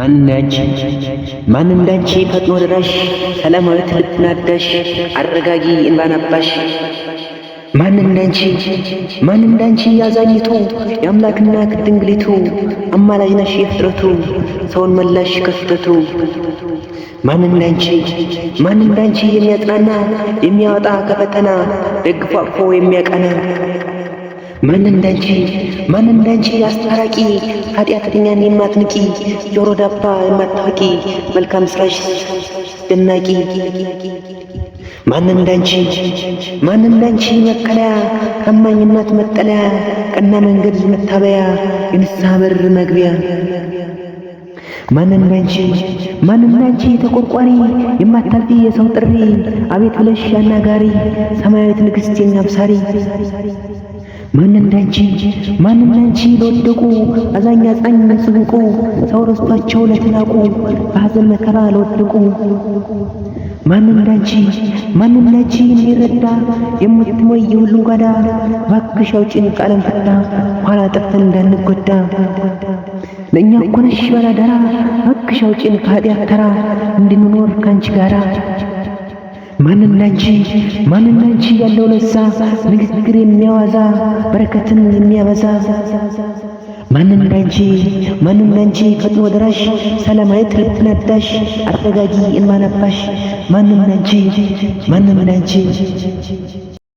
ማናች ማን እንዳንቺ ፈጥኖ ደራሽ ሰላማዊት ልብን አረጋጊ እንባናባሽ ማን እንዳንቺ ማን እንዳንቺ ያዛኝቱ የአምላክና ድንግሊቱ አማላጅ ነሽ የፍጥረቱ ሰውን መላሽ ከፍተቱ ማን እንዳንቺ ማን እንዳንቺ የሚያጽናና የሚያወጣ ከፈተና ደግፎ አቅፎ የሚያቀና ምን እንዳንቺ ማን እንዳንቺ አስታራቂ ኃጢአተኛን የማትንቂ ጆሮ ዳባ የማታቂ መልካም ስራሽ ደናቂ ማን እንዳንቺ ማን እንዳንቺ መከለያ ታማኝነት መጠለያ ቀና መንገድ መታበያ የንስሐ በር መግቢያ ማን እንዳንቺ ማን እንዳንቺ ተቆርቋሪ የማታልፊ የሰው ጥሪ አቤት ብለሽ አናጋሪ ሰማያዊት ንግሥት የሚያብሳሪ ማን እንዳንቺ ማን እንዳንቺ ለወደቁ አዛኛ ጻኝ ለተሰንቁ ሰው ረስቷቸው ለተናቁ በሐዘን መከራ ለወደቁ ማን እንዳንቺ ማን እንዳንቺ የሚረዳ የምትሞይ የሁሉም ጓዳ እባክሽ አውጪን ቃለን ፈታ ኋላ ጠፍተን እንዳንጎዳ ለእኛ እኮ ነሽ ባላደራ እባክሽ አውጪን ከኃጢአት ተራ እንድንኖር ካንቺ ጋራ ማንና አንቺ ማንና አንቺ ያለው ለዛ ንግግር የሚያዋዛ በረከትን የሚያበዛ ማንም እንዳንቺ ማንም እንዳንቺ ፈጥኖ ደራሽ ሰላማዊት ልብን አዳሽ አረጋጊ እንማናባሽ ማንም እንዳንቺ ማንም እንዳንቺ